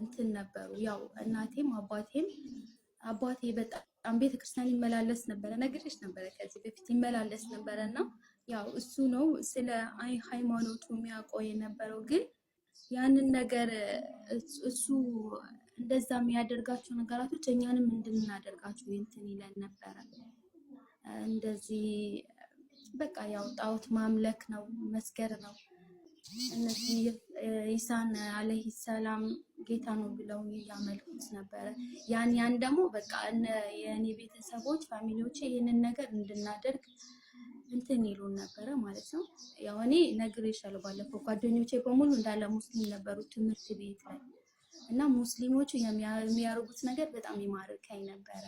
እንትን ነበሩ። ያው እናቴም አባቴም አባቴ በጣም ቤተክርስቲያን ይመላለስ ነበረ፣ ነግሬሽ ነበረ ከዚህ በፊት ይመላለስ ነበረ እና ያው እሱ ነው ስለ ሃይማኖቱ የሚያውቀው የነበረው። ግን ያንን ነገር እሱ እንደዛ የሚያደርጋቸው ነገራቶች እኛንም እንድናደርጋቸው እንትን ይለን ነበረ። እንደዚህ በቃ ያው ጣዖት ማምለክ ነው መስገር ነው እነዚህ ኢሳን አለህ ሰላም ጌታ ነው ብለው እያመልኩት ነበረ። ያን ያን ደግሞ በቃ የእኔ ቤተሰቦች ፋሚሊዎች ይህንን ነገር እንድናደርግ እንትን ይሉን ነበረ ማለት ነው። ያው እኔ ነግሬሻለሁ ባለፈው ጓደኞቼ በሙሉ እንዳለ ሙስሊም ነበሩ ትምህርት ቤት ላይ እና ሙስሊሞቹ የሚያደርጉት ነገር በጣም ይማርከኝ ነበረ።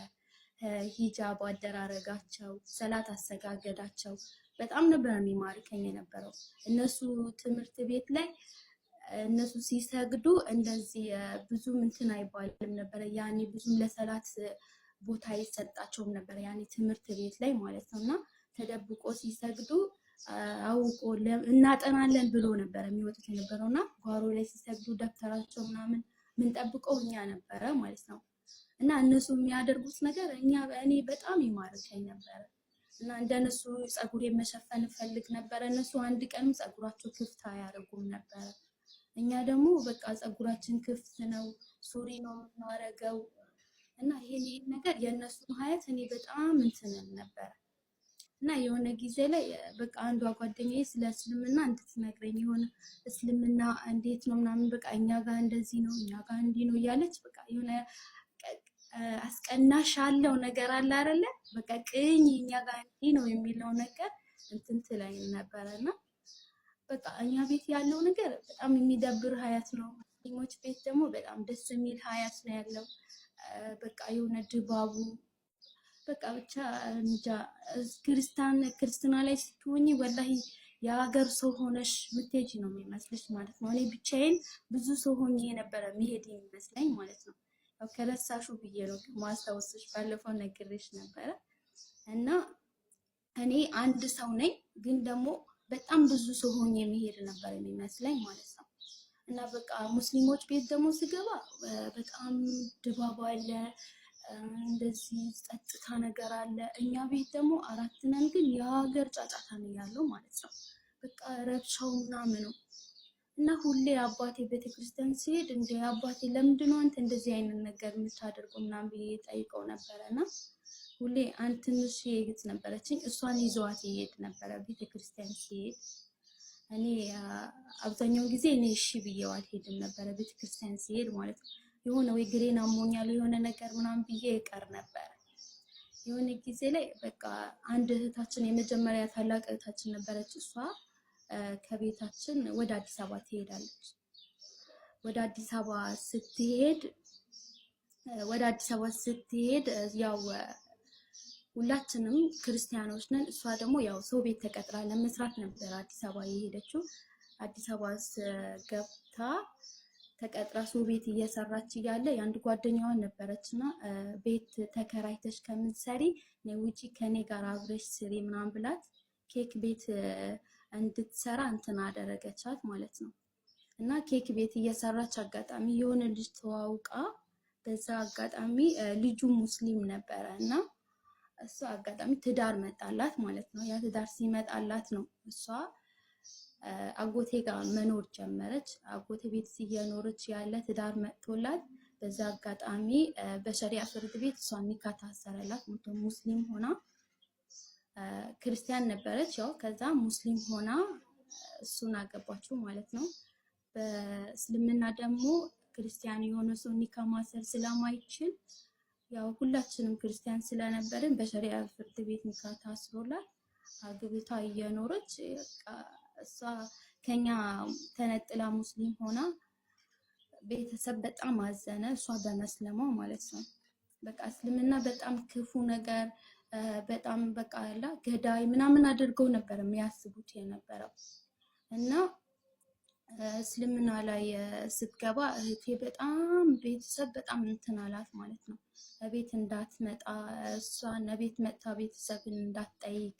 ሂጃብ አደራረጋቸው፣ ሰላት አሰጋገዳቸው በጣም ነበር የሚማርከኝ የነበረው። እነሱ ትምህርት ቤት ላይ እነሱ ሲሰግዱ እንደዚህ ብዙም እንትን አይባልም ነበረ። ያኔ ብዙም ለሰላት ቦታ አይሰጣቸውም ነበረ። ያኔ ትምህርት ቤት ላይ ማለት ነው እና ተደብቆ ሲሰግዱ አውቆ እናጠናለን ብሎ ነበረ የሚወጡት የነበረው እና ጓሮ ላይ ሲሰግዱ ደብተራቸው ምናምን የምንጠብቀው እኛ ነበረ ማለት ነው እና እነሱ የሚያደርጉት ነገር እኛ እኔ በጣም ይማርከኝ ነበረ እና እንደነሱ ፀጉር የመሸፈን እፈልግ ነበረ። እነሱ አንድ ቀንም ፀጉራቸው ክፍት አያደርጉም ነበረ። እኛ ደግሞ በቃ ጸጉራችን ክፍት ነው፣ ሱሪ ነው የምናረገው እና ይሄን ይሄን ነገር የእነሱን ሀያት እኔ በጣም እንትንን ነበረ እና የሆነ ጊዜ ላይ በቃ አንዷ ጓደኛዬ ስለ እስልምና እንድትነግረኝ የሆነ እስልምና እንዴት ነው ምናምን በቃ እኛ ጋር እንደዚህ ነው እኛ ጋር እንዲህ ነው እያለች በቃ የሆነ አስቀናሽ አለው ነገር አለ አይደለ በቃ ቅኝ እኛ ጋር እንዲህ ነው የሚለው ነገር እንትን ትለኝ ነበረና በቃ እኛ ቤት ያለው ነገር በጣም የሚደብር ሀያት ነው። ሙስሊሞች ቤት ደግሞ በጣም ደስ የሚል ሀያት ነው ያለው። በቃ የሆነ ድባቡ በቃ ብቻ እንጃ። ክርስቲያን ክርስትና ላይ ስትሆኝ ወላሂ የሀገር ሰው ሆነሽ ምትሄጂ ነው የሚመስለሽ ማለት ነው። እኔ ብቻዬን ብዙ ሰው ሆኜ የነበረ መሄድ የሚመስለኝ ማለት ነው። ያው ከረሳሹ ብዬ ነው ማስታወስሽ። ባለፈው ነግሬሽ ነበረ እና እኔ አንድ ሰው ነኝ ግን ደግሞ በጣም ብዙ ሰው ሆኜ የሚሄድ ነበር የሚመስለኝ ማለት ነው። እና በቃ ሙስሊሞች ቤት ደግሞ ስገባ በጣም ድባባ አለ፣ እንደዚህ ጸጥታ ነገር አለ። እኛ ቤት ደግሞ አራት ነን፣ ግን የሀገር ጫጫታ ነው ያለው ማለት ነው። በቃ ረብሻው ምናምኑ እና ሁሌ አባቴ ቤተክርስቲያን ሲሄድ እንደ አባቴ ለምንድን ነው አንተ እንደዚህ አይነት ነገር የምታደርገው ምናምን ብዬ ጠይቀው ነበረ እና ሁሌ አንድ ትንሽ የግጽ ነበረችኝ። እሷን ይዘዋት ይሄድ ነበረ ቤተክርስቲያን ሲሄድ። እኔ አብዛኛውን ጊዜ እኔ እሺ ብዬው አልሄድም ነበረ ቤተክርስቲያን ሲሄድ ማለት ነው። የሆነ ወይ ግሬን አሞኛል የሆነ ነገር ምናምን ብዬ ይቀር ነበረ። የሆነ ጊዜ ላይ በቃ አንድ እህታችን የመጀመሪያ ታላቅ እህታችን ነበረች። እሷ ከቤታችን ወደ አዲስ አበባ ትሄዳለች። ወደ አዲስ አበባ ስትሄድ ወደ አዲስ አበባ ስትሄድ ያው ሁላችንም ክርስቲያኖች ነን። እሷ ደግሞ ያው ሰው ቤት ተቀጥራ ለመስራት ነበር አዲስ አበባ የሄደችው። አዲስ አበባ ገብታ ተቀጥራ ሰው ቤት እየሰራች እያለ የአንድ ጓደኛዋን ነበረች እና ቤት ተከራይተች ከምትሰሪ ውጪ ከኔ ጋር አብረሽ ስሪ ምናምን ብላት ኬክ ቤት እንድትሰራ እንትን አደረገቻት ማለት ነው። እና ኬክ ቤት እየሰራች አጋጣሚ የሆነ ልጅ ተዋውቃ በዛ አጋጣሚ ልጁ ሙስሊም ነበረ እና እሷ አጋጣሚ ትዳር መጣላት ማለት ነው። ያ ትዳር ሲመጣላት ነው እሷ አጎቴ ጋር መኖር ጀመረች። አጎቴ ቤት እየኖረች ያለ ትዳር መጥቶላት በዛ አጋጣሚ በሸሪያ ፍርድ ቤት እሷ ኒካ ታሰረላት። ሙስሊም ሆና ክርስቲያን ነበረች። ያው ከዛ ሙስሊም ሆና እሱን አገባችው ማለት ነው። በእስልምና ደግሞ ክርስቲያን የሆነ ሰው ኒካ ማሰር ስለማይችል ያው ሁላችንም ክርስቲያን ስለነበርን በሸሪያ ፍርድ ቤት ኒካ ታስሮላት አግብታ እየኖረች እሷ ከኛ ተነጥላ ሙስሊም ሆና ቤተሰብ በጣም አዘነ። እሷ በመስለማ ማለት ነው። በቃ እስልምና በጣም ክፉ ነገር በጣም በቃ ያላ ገዳይ ምናምን አድርገው ነበር የሚያስቡት የነበረው እና እስልምና ላይ ስትገባ እህቴ በጣም ቤተሰብ በጣም እንትን አላት ማለት ነው። እቤት እንዳትመጣ እሷን እቤት መጥታ ቤተሰብን እንዳትጠይቅ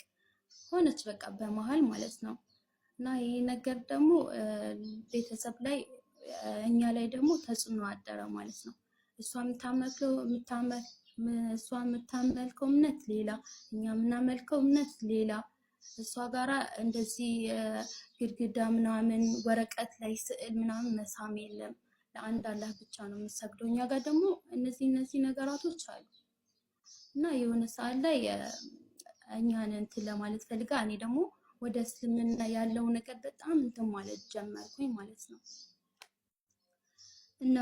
ሆነች በቃ በመሀል ማለት ነው። እና ይህ ነገር ደግሞ ቤተሰብ ላይ እኛ ላይ ደግሞ ተጽዕኖ አደረ ማለት ነው። እሷ የምታመልከው እምነት ሌላ፣ እኛ የምናመልከው እምነት ሌላ እሷ ጋራ እንደዚህ ግድግዳ ምናምን ወረቀት ላይ ስዕል ምናምን መሳም የለም። ለአንድ አላህ ብቻ ነው የምሰግደው። እኛ ጋር ደግሞ እነዚህ እነዚህ ነገራቶች አሉ እና የሆነ ሰዓት ላይ እኛን እንትን ለማለት ፈልጋ እኔ ደግሞ ወደ እስልምና ያለው ነገር በጣም እንትን ማለት ጀመርኩኝ ማለት ነው እና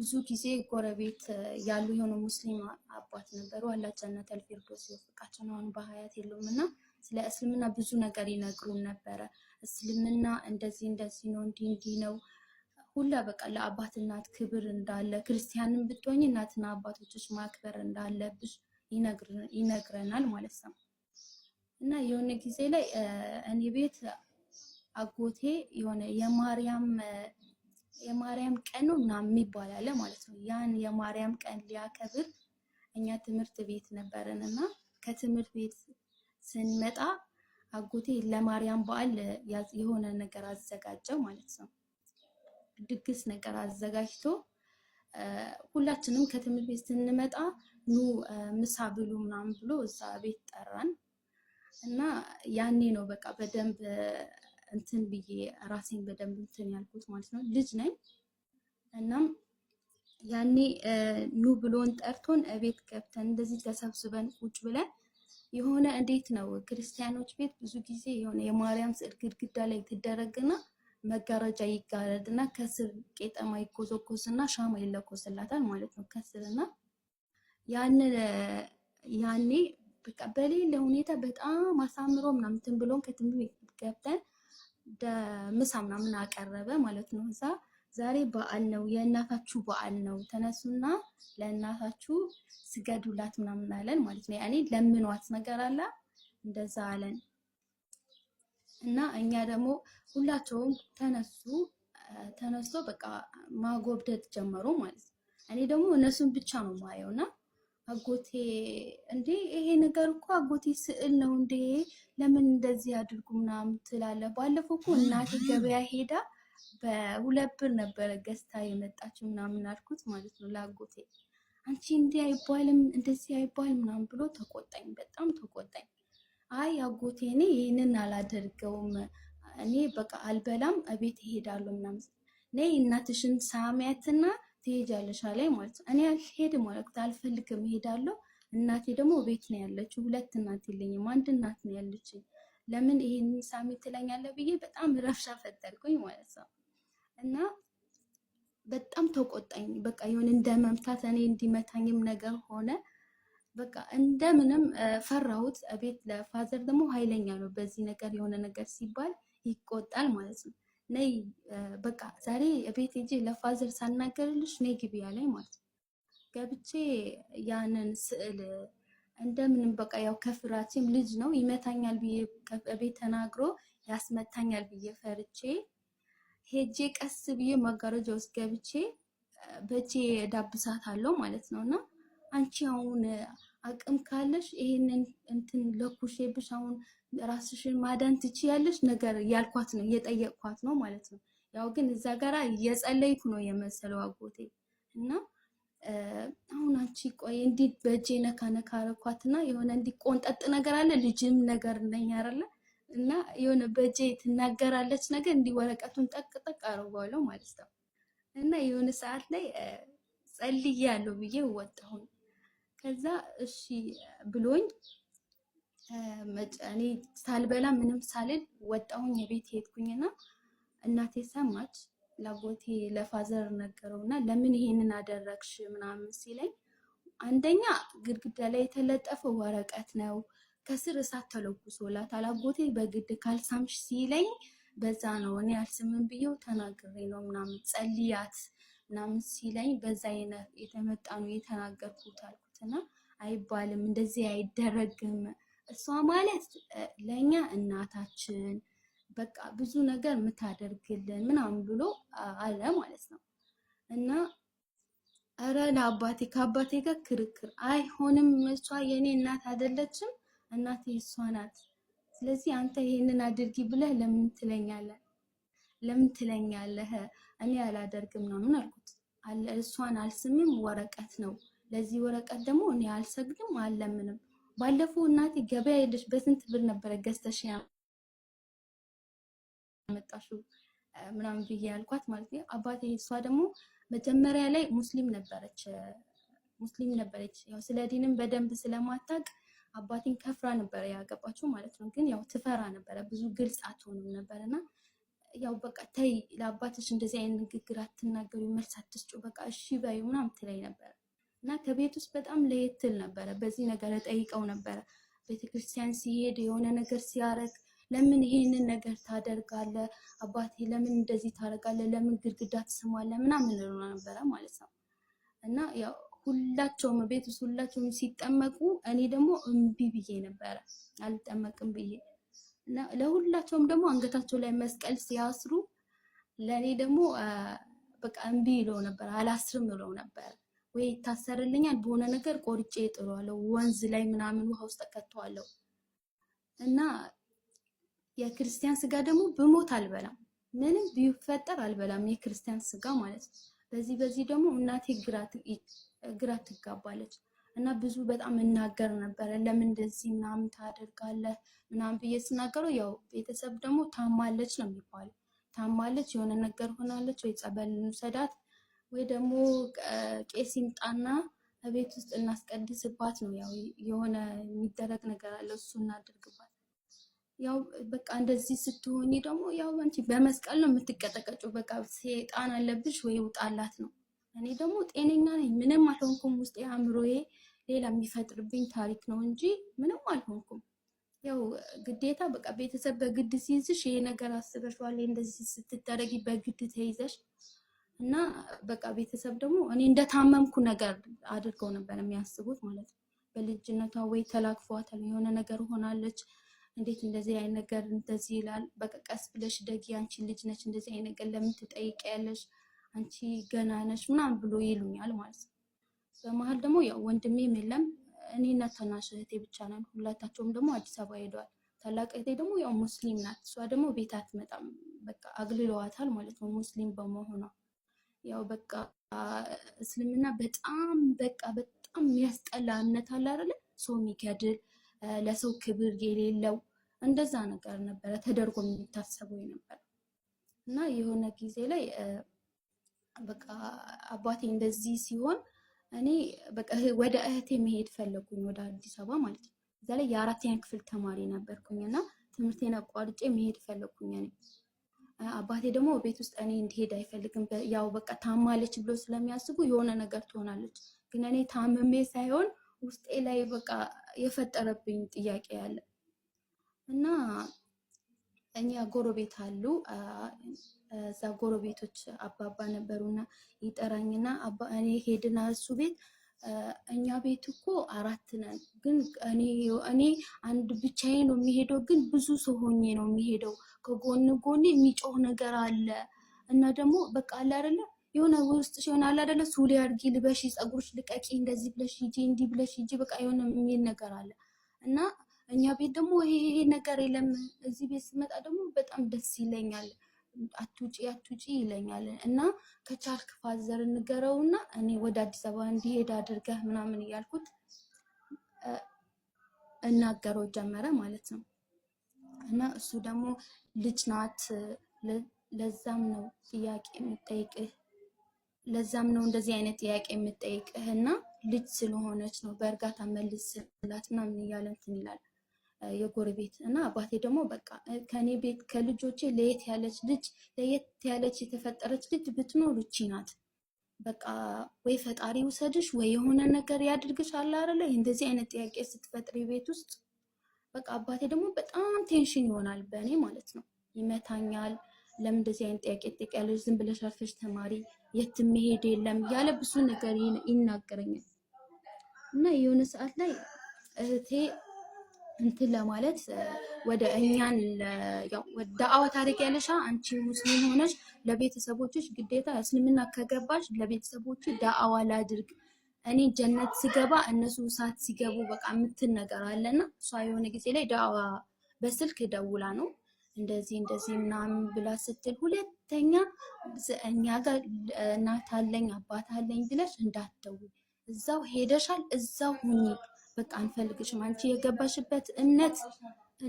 ብዙ ጊዜ ጎረቤት ያሉ የሆነ ሙስሊም አባት ነበሩ። አላህ ጀነተል ፊርዶስ ይወፍቃቸው። አሁን በሀያት የለውም እና ስለ እስልምና ብዙ ነገር ይነግሩን ነበረ። እስልምና እንደዚህ እንደዚህ ነው፣ እንዲህ እንዲህ ነው ሁላ በቃ ለአባት እናት ክብር እንዳለ፣ ክርስቲያንን ብትሆኝ እናትና አባቶችሽ ማክበር እንዳለ ብዙ ይነግረናል ማለት ነው። እና የሆነ ጊዜ ላይ እኔ ቤት አጎቴ የሆነ የማርያም የማርያም ቀን ነው ምናምን ይባላል ማለት ነው። ያን የማርያም ቀን ሊያከብር እኛ ትምህርት ቤት ነበረን እና ከትምህርት ቤት ስንመጣ አጎቴ ለማርያም በዓል የሆነ ነገር አዘጋጀው ማለት ነው። ድግስ ነገር አዘጋጅቶ ሁላችንም ከትምህርት ቤት ስንመጣ ኑ ምሳ ብሉ ምናምን ብሎ እዛ ቤት ጠራን እና ያኔ ነው በቃ በደንብ እንትን ብዬ ራሴን በደንብ እንትን ያልኩት ማለት ነው። ልጅ ነኝ። እናም ያኔ ኑ ብሎን ጠርቶን ቤት ገብተን እንደዚህ ተሰብስበን ቁጭ ብለን የሆነ እንዴት ነው ክርስቲያኖች ቤት ብዙ ጊዜ የሆነ የማርያም ስዕል ግድግዳ ላይ ትደረግና መጋረጃ ይጋረድና ከስር ቄጠማ ይኮሰኮስና ሻማ ይለኮስላታል ማለት ነው ከስርና ያን ያኔ በቃ በሌለ ሁኔታ በጣም አሳምሮ ምናምን ብሎን ከትምህርት ቤት ገብተን ምሳ ምናምን አቀረበ ማለት ነው እዛ ዛሬ በዓል ነው፣ የእናታችሁ በዓል ነው፣ ተነሱና ለእናታችሁ ስገዱላት ምናምን አለን ማለት ነው። ያኔ ለምኗት ነገር አለ እንደዛ አለን እና እኛ ደግሞ ሁላቸውም ተነሱ ተነስቶ በቃ ማጎብደት ጀመሩ ማለት ነው። እኔ ደግሞ እነሱን ብቻ ነው ማየው እና አጎቴ እንዴ ይሄ ነገር እኮ አጎቴ ስዕል ነው እንዴ ለምን እንደዚህ አድርጉ ምናምን ትላለ ባለፈው እኮ እናቴ ገበያ ሄዳ በሁለት ብር ነበረ ገዝታ የመጣችው ምናምን አልኩት ማለት ነው ላጎቴ። አንቺ እንዲህ አይባልም እንደዚህ አይባል ምናምን ብሎ ተቆጣኝ፣ በጣም ተቆጣኝ። አይ አጎቴ እኔ ይህንን አላደርገውም እኔ በቃ አልበላም እቤት እሄዳለሁ ምናምን ነይ እናትሽን ሳሚያትና ትሄጃለሽ አለኝ ማለት ነው። እኔ አልሄድም ማለት አልፈልግም እሄዳለሁ። እናቴ ደግሞ ቤት ነው ያለችው። ሁለት እናት የለኝም፣ አንድ እናት ነው ያለችኝ። ለምን ይሄን ሳሚ ትለኛለህ ብዬ በጣም ረብሻ ፈጠርኩኝ ማለት ነው። እና በጣም ተቆጣኝ። በቃ ይሁን እንደ መምታት እኔ እንዲመታኝም ነገር ሆነ። በቃ እንደምንም ፈራሁት። እቤት ለፋዘር ደግሞ ኃይለኛ ነው። በዚህ ነገር የሆነ ነገር ሲባል ይቆጣል ማለት ነው። ነይ በቃ ዛሬ ቤት ሂጂ ለፋዘር ሳናገርልሽ ነይ ግቢ ያለኝ ማለት ነው። ገብቼ ያንን ስዕል እንደምንም በቃ ያው ከፍራቴም ልጅ ነው ይመታኛል ብዬ ከቤት ተናግሮ ያስመታኛል ብዬ ፈርቼ ሄጄ ቀስ ብዬ መጋረጃ ውስጥ ገብቼ በቼ ዳብሳት አለው ማለት ነው። እና አንቺ አሁን አቅም ካለሽ ይሄንን እንትን ለኩሼብሽ አሁን ራስሽን ማዳን ትችያለሽ ነገር ያልኳት ነው የጠየቅኳት ነው ማለት ነው። ያው ግን እዛ ጋራ እየጸለይኩ ነው የመሰለው አጎቴ እና አሁን አንቺ ቆይ እንዲህ በእጄ ነካ ነካ አረኳትና የሆነ እንዲህ ቆንጠጥ ነገር አለ ልጅም ነገር ነኝ አይደለ እና የሆነ በእጄ ትናገራለች ነገር እንዲህ ወረቀቱን ጠቅ ጠቅ አረጓለው ማለት ነው። እና የሆነ ሰዓት ላይ ጸልያለሁ ብዬ ወጣሁኝ። ከዛ እሺ ብሎኝ እኔ ሳልበላ ምንም ሳልል ወጣሁኝ። የቤት ሄድኩኝና እናቴ ሰማች። ለአጎቴ ለፋዘር ነገረው እና ለምን ይሄንን አደረግሽ ምናምን ሲለኝ አንደኛ ግድግዳ ላይ የተለጠፈ ወረቀት ነው፣ ከስር እሳት ተለኩሶላታል። አጎቴ በግድ ካልሳምሽ ሲለኝ በዛ ነው እኔ አልስምም ብዬው ተናግሬ ነው ምናምን ጸልያት ምናምን ሲለኝ በዛ የተመጣ ነው የተናገርኩት አልኩትና አይባልም፣ እንደዚህ አይደረግም። እሷ ማለት ለእኛ እናታችን በቃ ብዙ ነገር የምታደርግልን ምናምን ብሎ አለ ማለት ነው። እና እረ ለአባቴ ከአባቴ ጋር ክርክር አይሆንም። እሷ የኔ እናት አይደለችም፣ እናቴ እሷ ናት። ስለዚህ አንተ ይህንን አድርጊ ብለህ ለምን ትለኛለህ? ለምን ትለኛለህ? እኔ አላደርግም ነው ምን አልኩት። እሷን አልስምም፣ ወረቀት ነው። ለዚህ ወረቀት ደግሞ እኔ አልሰግድም፣ አልለምንም። ባለፈው እናቴ ገበያ ሄደሽ በስንት ብር ነበረ ገዝተሽ መጣሽው ምናምን ብዬ ያልኳት ማለት ነው። አባቴ እሷ ደግሞ መጀመሪያ ላይ ሙስሊም ነበረች ሙስሊም ነበረች። ያው ስለ ዲንም በደንብ ስለማታቅ አባቴን ከፍራ ነበረ ያገባችው ማለት ነው። ግን ያው ትፈራ ነበረ፣ ብዙ ግልጽ አትሆንም ነበር እና ያው በቃ ተይ ለአባትሽ እንደዚህ አይነት ንግግር አትናገሩ፣ መልስ አትስጩ፣ በቃ እሺ በይ ምናምን ትለኝ ነበረ እና ከቤት ውስጥ በጣም ለየት ትል ነበረ። በዚህ ነገር ጠይቀው ነበረ። ቤተክርስቲያን ሲሄድ የሆነ ነገር ሲያረግ ለምን ይሄንን ነገር ታደርጋለ? አባቴ ለምን እንደዚህ ታደርጋለ? ለምን ግድግዳ ትስማለ? ምናምን ነበረ ማለት ነው እና ያው ሁላቸውም ቤት ውስጥ ሁላቸውም ሲጠመቁ እኔ ደግሞ እምቢ ብዬ ነበረ አልጠመቅም ብዬ እና ለሁላቸውም ደግሞ አንገታቸው ላይ መስቀል ሲያስሩ ለእኔ ደግሞ በቃ እምቢ ይለው ነበር፣ አላስርም ይለው ነበር። ወይ ይታሰርልኛል፣ በሆነ ነገር ቆርጬ ጥሏለሁ፣ ወንዝ ላይ ምናምን ውሃ ውስጥ ከተዋለሁ እና የክርስቲያን ስጋ ደግሞ ብሞት አልበላም፣ ምንም ቢፈጠር አልበላም፣ የክርስቲያን ስጋ ማለት ነው። በዚህ በዚህ ደግሞ እናቴ ግራ ትጋባለች እና ብዙ በጣም እናገር ነበረ። ለምን እንደዚህ ምናምን ታደርጋለህ ምናምን ብዬ ስናገረው ያው ቤተሰብ ደግሞ ታማለች ነው የሚባለው። ታማለች የሆነ ነገር ሆናለች፣ ወይ ጸበል እንውሰዳት ወይ ደግሞ ቄስ ይምጣና ቤት ውስጥ እናስቀድስባት ነው። ያው የሆነ የሚደረግ ነገር አለ፣ እሱ እናደርግባት ያው በቃ እንደዚህ ስትሆኝ ደግሞ ያው አንቺ በመስቀል ነው የምትቀጠቀጩ። በቃ ሴጣን አለብሽ ወይ ውጣላት ነው። እኔ ደግሞ ጤነኛ ነኝ፣ ምንም አልሆንኩም። ውስጥ አእምሮዬ ሌላ የሚፈጥርብኝ ታሪክ ነው እንጂ ምንም አልሆንኩም። ያው ግዴታ በቃ ቤተሰብ በግድ ሲይዝሽ ይሄ ነገር አስበሽዋል፣ እንደዚህ ስትደረጊ በግድ ተይዘሽ እና በቃ ቤተሰብ ደግሞ እኔ እንደታመምኩ ነገር አድርገው ነበር የሚያስቡት ማለት ነው። በልጅነቷ ወይ ተላክፏታል የሆነ ነገር ሆናለች እንዴት እንደዚህ አይነት ነገር እንደዚህ ይላል። በቃ ቀስ ብለሽ ደጊ አንቺ ልጅ ነች እንደዚህ አይነት ነገር ለምን ትጠይቂያለሽ? አንቺ ገና ነሽ ምናምን ብሎ ይሉኛል ማለት ነው። በመሀል ደግሞ ያው ወንድሜም የለም እኔና ታናሽ እህቴ ብቻ ነን። ሁላታቸውም ደግሞ አዲስ አበባ ሄደዋል። ታላቅ እህቴ ደግሞ ያው ሙስሊም ናት። እሷ ደግሞ ቤት አትመጣም። በቃ አግልለዋታል ማለት ነው ሙስሊም በመሆኗ ያው በቃ እስልምና በጣም በቃ በጣም የሚያስጠላ እምነት አለ አይደለ ሰው የሚገድል ለሰው ክብር የሌለው እንደዛ ነገር ነበረ ተደርጎ የሚታሰበው የነበረ እና የሆነ ጊዜ ላይ በቃ አባቴ እንደዚህ ሲሆን እኔ በቃ ወደ እህቴ መሄድ ፈለጉኝ፣ ወደ አዲስ አበባ ማለት ነው። እዛ ላይ የአራተኛ ክፍል ተማሪ ነበርኩኝ እና ትምህርቴን አቋርጬ መሄድ ፈለጉኝ። እኔ። አባቴ ደግሞ ቤት ውስጥ እኔ እንዲሄድ አይፈልግም። ያው በቃ ታማለች ብሎ ስለሚያስቡ የሆነ ነገር ትሆናለች። ግን እኔ ታምሜ ሳይሆን ውስጤ ላይ በቃ የፈጠረብኝ ጥያቄ አለ እና እኛ ጎረቤት አሉ እዛ ጎረቤቶች አባባ ነበሩና ይጠራኝና እኔ ሄድና እሱ ቤት እኛ ቤት እኮ አራት ነን፣ ግን እኔ አንድ ብቻዬ ነው የሚሄደው፣ ግን ብዙ ሰው ሆኜ ነው የሚሄደው። ከጎን ጎኔ የሚጮህ ነገር አለ እና ደግሞ በቃ አለ የሆነ ውስጥ ሲሆን አለ አይደለ ሱሊ አድርጊ፣ ልበሽ፣ ፀጉርሽ ልቀቂ፣ እንደዚህ ብለሽ ሂጂ፣ እንዲህ ብለሽ ሂጂ፣ በቃ የሆነ የሚል ነገር አለ እና እኛ ቤት ደግሞ ይሄ ይሄ ነገር የለም። እዚህ ቤት ስመጣ ደግሞ በጣም ደስ ይለኛል። አትውጪ አትውጪ ይለኛል እና ከቻልክ ፋዘር እንገረው እና እኔ ወደ አዲስ አበባ እንዲሄድ አድርገህ ምናምን እያልኩት እናገረው ጀመረ ማለት ነው። እና እሱ ደግሞ ልጅ ናት፣ ለዛም ነው ጥያቄ የምጠይቅህ ለዛም ነው እንደዚህ አይነት ጥያቄ የምጠይቅህና ልጅ ስለሆነች ነው በእርጋታ መልስ ስላት ምናምን እያለ እንትን ይላል የጎረቤት እና አባቴ ደግሞ በቃ ከኔ ቤት ከልጆቼ ለየት ያለች ልጅ ለየት ያለች የተፈጠረች ልጅ ብትኖር እቺ ናት። በቃ ወይ ፈጣሪ ውሰድሽ ወይ የሆነ ነገር ያድርግሽ አለ አይደለ? እንደዚህ አይነት ጥያቄ ስትፈጥሪ ቤት ውስጥ በቃ አባቴ ደግሞ በጣም ቴንሽን ይሆናል በእኔ ማለት ነው። ይመታኛል። ለምን እንደዚህ አይነት ጥያቄ ትጠይቂያለሽ? ዝም ብለሽ አርፈሽ ተማሪ የትም መሄድ የለም እያለ ብዙ ነገር ይናገረኛል። እና የሆነ ሰዓት ላይ እህቴ እንትን ለማለት ወደ እኛን ዳአዋ ታሪክ ያለሻ አንቺ ሙስሊም ሆነሽ ለቤተሰቦችሽ ግዴታ እስልምና ከገባሽ ለቤተሰቦች ዳአዋ ላድርግ እኔ ጀነት ሲገባ እነሱ እሳት ሲገቡ በቃ የምትል ነገር አለና እሷ የሆነ ጊዜ ላይ ዳአዋ በስልክ ደውላ ነው እንደዚህ እንደዚህ ምናምን ብላ ስትል ሁለተኛ እኛ ጋር እናት አለኝ አባት አለኝ ብለሽ እንዳትደውይ፣ እዛው ሄደሻል፣ እዛው ሁኚ፣ በቃ አንፈልግሽም፣ አንቺ የገባሽበት እምነት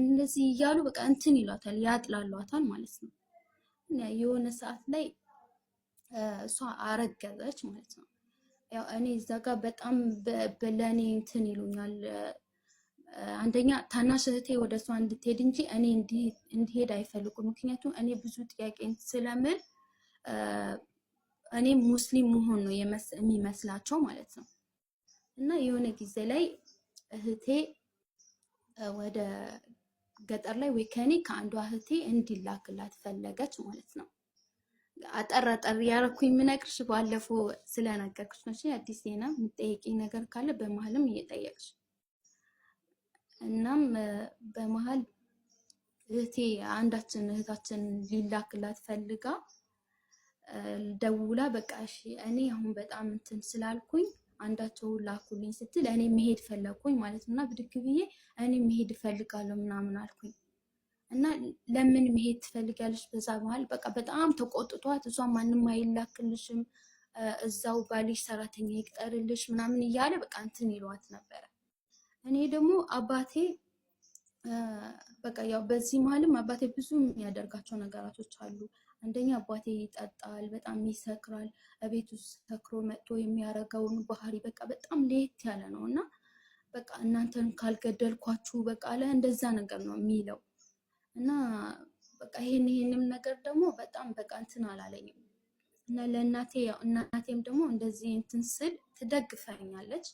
እንደዚህ እያሉ በቃ እንትን ይሏታል፣ ያጥላሏታል ማለት ነው። የሆነ ሰዓት ላይ እሷ አረገዘች ማለት ነው። ያው እኔ እዛ ጋር በጣም በለኔ እንትን ይሉኛል አንደኛ ታናሽ እህቴ ወደ እሷ እንድትሄድ እንጂ እኔ እንዲሄድ አይፈልጉም። ምክንያቱም እኔ ብዙ ጥያቄን ስለምል እኔ ሙስሊም መሆን ነው የሚመስላቸው ማለት ነው። እና የሆነ ጊዜ ላይ እህቴ ወደ ገጠር ላይ ወይ ከኔ ከአንዷ እህቴ እንዲላክላት ፈለገች ማለት ነው። አጠራጠር ያረኩኝ የምነግርሽ ባለፈው ስለነገርኩሽ ነው። አዲስ ዜና የምጠየቂኝ ነገር ካለ በመሀልም እየጠየቅሽ እናም በመሀል እህቴ አንዳችን እህታችን ሊላክላት ፈልጋ ደውላ በቃ እሺ እኔ አሁን በጣም እንትን ስላልኩኝ አንዳቸው ላኩልኝ ስትል እኔ መሄድ ፈለግኩኝ ማለት እና ብድግ ብዬ እኔ መሄድ እፈልጋለሁ ምናምን አልኩኝ እና ለምን መሄድ ትፈልጋለች? በዛ መሀል በቃ በጣም ተቆጥቷት እሷ ማንም አይላክልሽም እዛው ባልሽ ሰራተኛ ይቅጠርልሽ ምናምን እያለ በቃ እንትን ይሏት ነበረ። እኔ ደግሞ አባቴ በቃ ያው በዚህ መሀልም አባቴ ብዙ የሚያደርጋቸው ነገራቶች አሉ። አንደኛ አባቴ ይጠጣል፣ በጣም ይሰክራል። ቤት ውስጥ ሰክሮ መጥቶ የሚያደርገውን ባህሪ በቃ በጣም ለየት ያለ ነው እና በቃ እናንተን ካልገደልኳችሁ በቃ አለ እንደዛ ነገር ነው የሚለው እና በቃ ይሄን ይሄንም ነገር ደግሞ በጣም በቃ እንትን አላለኝም እና ለእናቴ ያው እናቴም ደግሞ እንደዚህ እንትን ስል ትደግፈኛለች።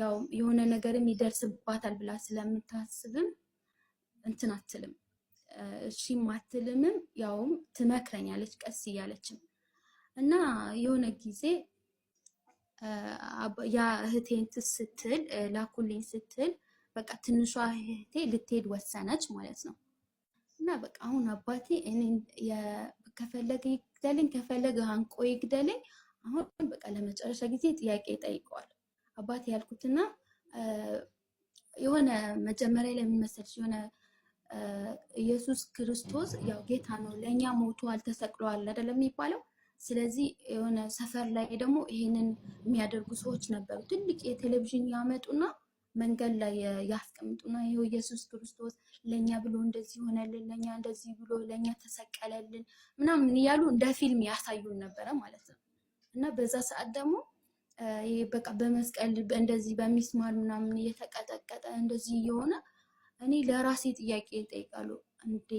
ያው የሆነ ነገርም ይደርስባታል ብላ ስለምታስብም እንትን አትልም፣ እሺም አትልምም። ያውም ትመክረኛለች ቀስ እያለችም እና የሆነ ጊዜ ያ እህቴን ስትል ላኩልኝ ስትል በቃ ትንሿ እህቴ ልትሄድ ወሰነች ማለት ነው። እና በቃ አሁን አባቴ ከፈለገ ይግደልኝ ከፈለገ አንቆ ይግደልኝ አሁን በቃ ለመጨረሻ ጊዜ ጥያቄ ጠይቀዋል። አባት ያልኩትና የሆነ መጀመሪያ ላይ የሚመስል የሆነ ኢየሱስ ክርስቶስ ያው ጌታ ነው፣ ለእኛ ሞቷል፣ ተሰቅሏል አይደለም የሚባለው። ስለዚህ የሆነ ሰፈር ላይ ደግሞ ይሄንን የሚያደርጉ ሰዎች ነበሩ። ትልቅ የቴሌቪዥን ያመጡና መንገድ ላይ ያስቀምጡና ይኸው ኢየሱስ ክርስቶስ ለእኛ ብሎ እንደዚህ ሆነልን፣ ለእኛ እንደዚህ ብሎ ለእኛ ተሰቀለልን ምናምን እያሉ እንደ ፊልም ያሳዩን ነበረ ማለት ነው። እና በዛ ሰዓት ደግሞ በቃ በመስቀል እንደዚህ በሚስማር ምናምን እየተቀጠቀጠ እንደዚህ እየሆነ እኔ ለራሴ ጥያቄ ይጠይቃሉ? እንዴ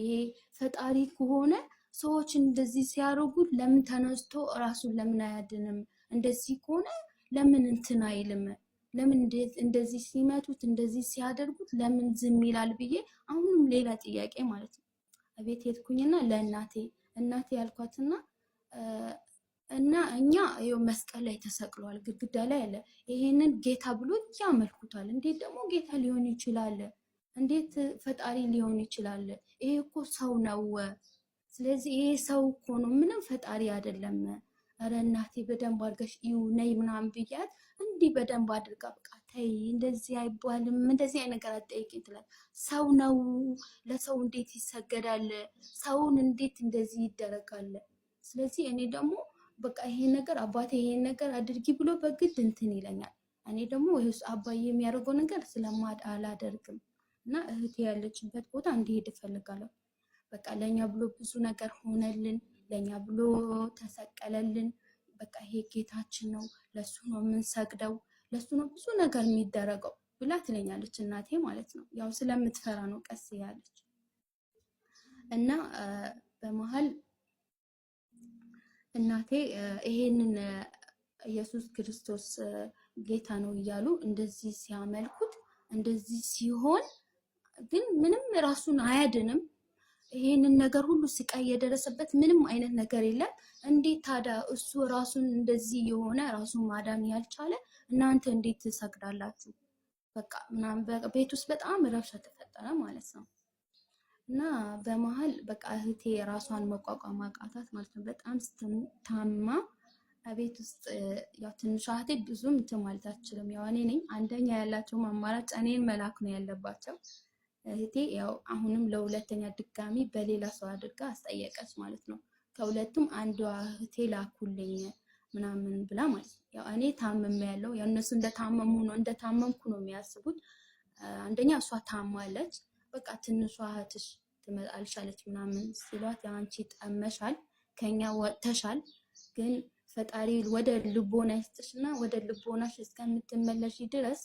ፈጣሪ ከሆነ ሰዎች እንደዚህ ሲያደርጉ ለምን ተነስቶ እራሱን ለምን አያድንም? እንደዚህ ከሆነ ለምን እንትን አይልም? ለምን እንደዚህ ሲመቱት እንደዚህ ሲያደርጉት ለምን ዝም ይላል ብዬ አሁንም ሌላ ጥያቄ ማለት ነው። ቤት ሄድኩኝና ለእናቴ እናቴ ያልኳትና እና እኛ ይኸው መስቀል ላይ ተሰቅሏል፣ ግድግዳ ላይ አለ። ይሄንን ጌታ ብሎ ያመልኩታል። እንዴት ደግሞ ጌታ ሊሆን ይችላል? እንዴት ፈጣሪ ሊሆን ይችላል? ይሄ እኮ ሰው ነው። ስለዚህ ይሄ ሰው እኮ ነው፣ ምንም ፈጣሪ አይደለም። እረ እናቴ በደንብ አድርገሽ እዩ ነይ ምናምን ብያት፣ እንዲህ በደንብ አድርጋ በቃ ተይ፣ እንደዚህ አይባልም፣ እንደዚህ አይነት ነገር አትጠይቂኝ ትላል። ሰው ነው። ለሰው እንዴት ይሰገዳል? ሰውን እንዴት እንደዚህ ይደረጋል? ስለዚህ እኔ ደግሞ በቃ ይሄን ነገር አባቴ ይሄን ነገር አድርጊ ብሎ በግድ እንትን ይለኛል። እኔ ደግሞ ይሄስ አባዬ የሚያደርገው ነገር ስለማድ አላደርግም እና እህቴ ያለችበት ቦታ እንዲሄድ እፈልጋለሁ። በቃ ለኛ ብሎ ብዙ ነገር ሆነልን፣ ለኛ ብሎ ተሰቀለልን። በቃ ይሄ ጌታችን ነው፣ ለሱ ነው የምንሰግደው፣ ለሱ ነው ብዙ ነገር የሚደረገው ብላ ትለኛለች እናቴ ማለት ነው። ያው ስለምትፈራ ነው ቀስ ያለች እና በመሀል እናቴ ይሄንን ኢየሱስ ክርስቶስ ጌታ ነው እያሉ እንደዚህ ሲያመልኩት እንደዚህ ሲሆን ግን ምንም ራሱን አያድንም። ይሄንን ነገር ሁሉ ስቃይ የደረሰበት ምንም አይነት ነገር የለም። እንዴት ታዲያ እሱ ራሱን እንደዚህ የሆነ ራሱን ማዳን ያልቻለ እናንተ እንዴት ትሰግዳላችሁ? በቃ ምናምን ቤት ውስጥ በጣም ረብሻ ተፈጠረ ማለት ነው። እና በመሀል በቃ እህቴ ራሷን መቋቋም አቃታት ማለት ነው። በጣም ስትታማ ቤት ውስጥ ያው ትንሿ እህቴ ብዙም እንትን ማለት አትችልም። ያው እኔ ነኝ አንደኛ ያላቸውም አማራጭ እኔን መላክ ነው ያለባቸው። እህቴ ያው አሁንም ለሁለተኛ ድጋሚ በሌላ ሰው አድርጋ አስጠየቀች ማለት ነው። ከሁለቱም አንዷ እህቴ ላኩልኝ ምናምን ብላ ማለት ነው። ያው እኔ ታመም ያለው ያው እነሱ እንደታመሙ ነው እንደታመምኩ ነው የሚያስቡት። አንደኛ እሷ ታማለች፣ በቃ ትንሿ እህትሽ አልቻለች ምናምን ሲሏት አንቺ ጠመሻል፣ ከኛ ወጥተሻል፣ ግን ፈጣሪ ወደ ልቦና ይስጥሽና ወደ ልቦናሽ እስከምትመለሽ ድረስ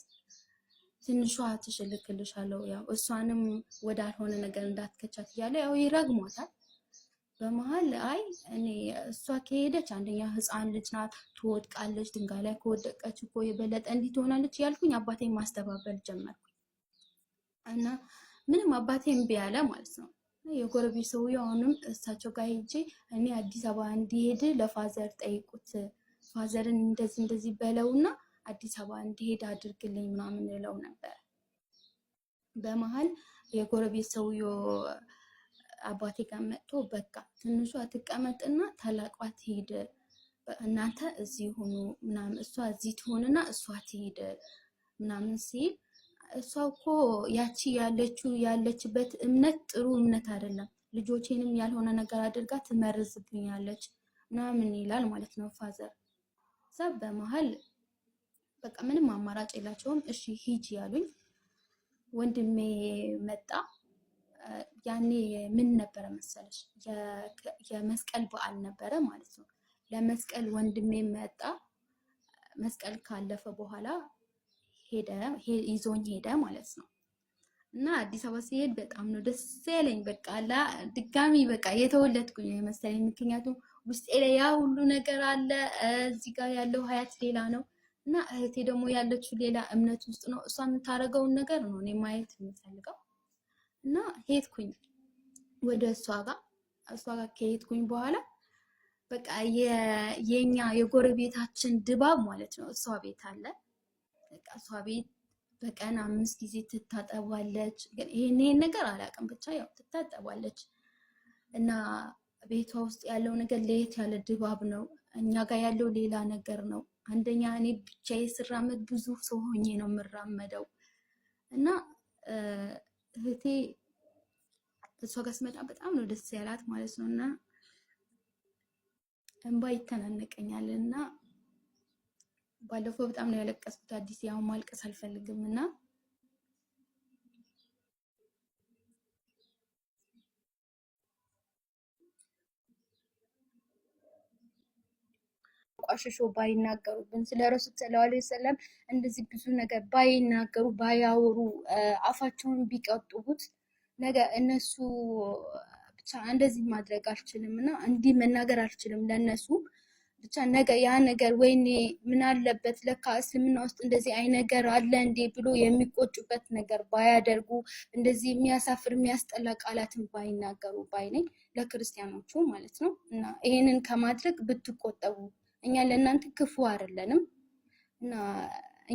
ትንሿ ትሽልክልሻለው ያው እሷንም ወዳልሆነ ነገር እንዳትከቻት እያለ ያው ይረግሟታል። በመሀል አይ እኔ እሷ ከሄደች አንደኛ ህፃን ልጅ ናት፣ ትወድቃለች። ድንጋይ ላይ ከወደቀች እኮ የበለጠ እንዲህ ትሆናለች እያልኩኝ አባቴን ማስተባበል ጀመርኩኝ እና ምንም አባቴ እምቢ አለ ማለት ነው። የጎረቤት ሰውዬው አሁንም እሳቸው ጋር ሄጄ እኔ አዲስ አበባ እንዲሄድ ለፋዘር ጠይቁት፣ ፋዘርን እንደዚህ እንደዚህ በለውና አዲስ አበባ እንዲሄድ አድርግልኝ ምናምን ይለው ነበር። በመሀል የጎረቤት ሰውዬው አባቴ ጋር መጥቶ በቃ ትንሿ ትቀመጥና ታላቋ ትሄድ፣ እናንተ እዚህ ሁኑ ምናምን፣ እሷ እዚህ ትሆንና እሷ ትሄድ ምናምን ሲል እሷ እኮ ያቺ ያለችው ያለችበት እምነት ጥሩ እምነት አይደለም፣ ልጆቼንም ያልሆነ ነገር አድርጋ ትመርዝብኛለች ምናምን ይላል ማለት ነው ፋዘር። እዛ በመሀል በቃ ምንም አማራጭ የላቸውም። እሺ ሂጂ ያሉኝ። ወንድሜ መጣ። ያኔ ምን ነበረ መሰለች የመስቀል በዓል ነበረ ማለት ነው። ለመስቀል ወንድሜ መጣ። መስቀል ካለፈ በኋላ ሄደ ይዞኝ ሄደ ማለት ነው። እና አዲስ አበባ ሲሄድ በጣም ነው ደስ ያለኝ። በቃ አላ ድጋሚ በቃ የተወለድኩኝ የመሰለኝ። ምክንያቱም ውስጤ ላይ ያ ሁሉ ነገር አለ። እዚህ ጋር ያለው ሀያት ሌላ ነው እና እህቴ ደግሞ ያለችው ሌላ እምነት ውስጥ ነው። እሷ የምታደርገውን ነገር ነው እኔ ማየት የምፈልገው። እና ሄድኩኝ ወደ እሷ ጋር እሷ ጋር ከሄድኩኝ በኋላ በቃ የኛ የጎረቤታችን ድባብ ማለት ነው እሷ ቤት አለ በቃ እሷ ቤት በቀን አምስት ጊዜ ትታጠባለች። ይሄን ነገር አላውቅም፣ ብቻ ያው ትታጠባለች እና ቤቷ ውስጥ ያለው ነገር ለየት ያለ ድባብ ነው። እኛ ጋር ያለው ሌላ ነገር ነው። አንደኛ እኔ ብቻዬ ስራመድ ብዙ ሰው ሆኜ ነው የምራመደው እና እህቴ እሷ ጋር ስመጣ በጣም ነው ደስ ያላት ማለት ነው እና እንባ ይተናነቀኛል እና ባለፈው በጣም ነው ያለቀስኩት። አዲስ ያው ማልቀስ አልፈልግም እና ቆሽሾ ባይናገሩብን ስለ ረሱል ሰለላሁ ዐለይሂ ወሰለም እንደዚህ ብዙ ነገር ባይናገሩ ባያወሩ አፋቸውን ቢቀጥቡት ነገ እነሱ ብቻ እንደዚህ ማድረግ አልችልም እና እንዲህ መናገር አልችልም ለእነሱ ብቻ ነገ ያ ነገር ወይኔ ምን አለበት ለካ እስልምና ውስጥ እንደዚህ አይ ነገር አለ እንዴ ብሎ የሚቆጩበት ነገር ባያደርጉ፣ እንደዚህ የሚያሳፍር የሚያስጠላ ቃላትን ባይናገሩ ባይ ነኝ ለክርስቲያኖቹ ማለት ነው። እና ይሄንን ከማድረግ ብትቆጠቡ እኛ ለእናንተ ክፉ አይደለንም እና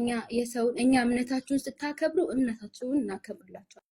እኛ የሰው እኛ እምነታችሁን ስታከብሩ እምነታችሁን እናከብርላቸዋል።